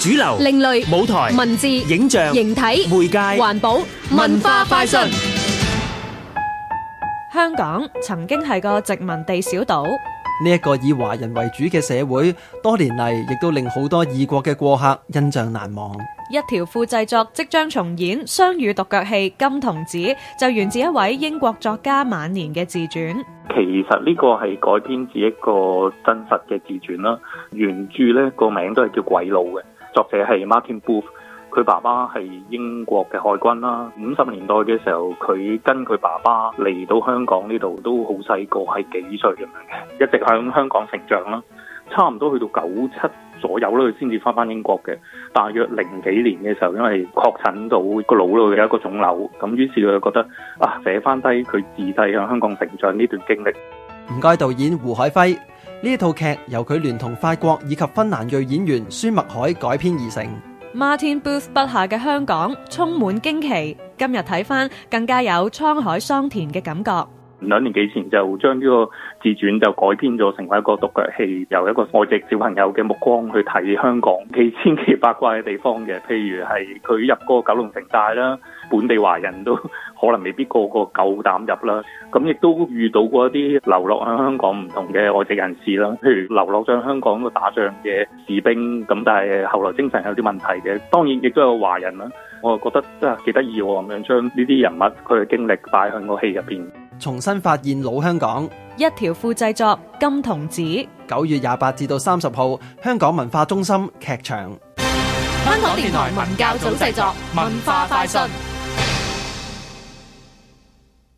主流、另類舞台、文字、影像、形體、媒介、環保、文化快訊。香港曾經係個殖民地小島，呢一個以華人為主嘅社會，多年嚟亦都令好多異國嘅過客印象難忘。一條褲製作即將重演雙語獨腳戲《金童子》，就源自一位英國作家晚年嘅自傳。其實呢個係改編自一個真實嘅自傳啦，原著呢個名都係叫《鬼佬》嘅。作者係 Martin Booth，佢爸爸係英國嘅海軍啦。五十年代嘅時候，佢跟佢爸爸嚟到香港呢度都好細個，係幾歲咁樣嘅，一直喺香港成長啦。差唔多去到九七左右啦，佢先至翻翻英國嘅。大約零幾年嘅時候，因為確診到個腦度有一個腫瘤，咁於是佢就覺得啊，寫翻低佢自細喺香港成長呢段經歷。唔該，導演胡海輝。呢一套劇由佢聯同法國以及芬蘭裔演員孫墨海改編而成。Martin Booth 筆下嘅香港充滿驚奇，今日睇返更加有滄海桑田嘅感覺。兩年幾前就將呢個自傳就改編咗，成為一個獨腳戲，由一個外籍小朋友嘅目光去睇香港幾千奇百怪嘅地方嘅。譬如係佢入過九龍城寨啦，本地華人都可能未必個個夠膽入啦。咁亦都遇到過一啲流落喺香港唔同嘅外籍人士啦。譬如流落咗香港打仗嘅士兵，咁但係後來精神有啲問題嘅。當然亦都有華人啦。我覺得真係幾得意喎，咁樣將呢啲人物佢嘅經歷擺喺個戲入邊。重新發現老香港，一條褲製作金童子，九月廿八至到三十號，香港文化中心劇場。香港電台文教組製作，文化快訊。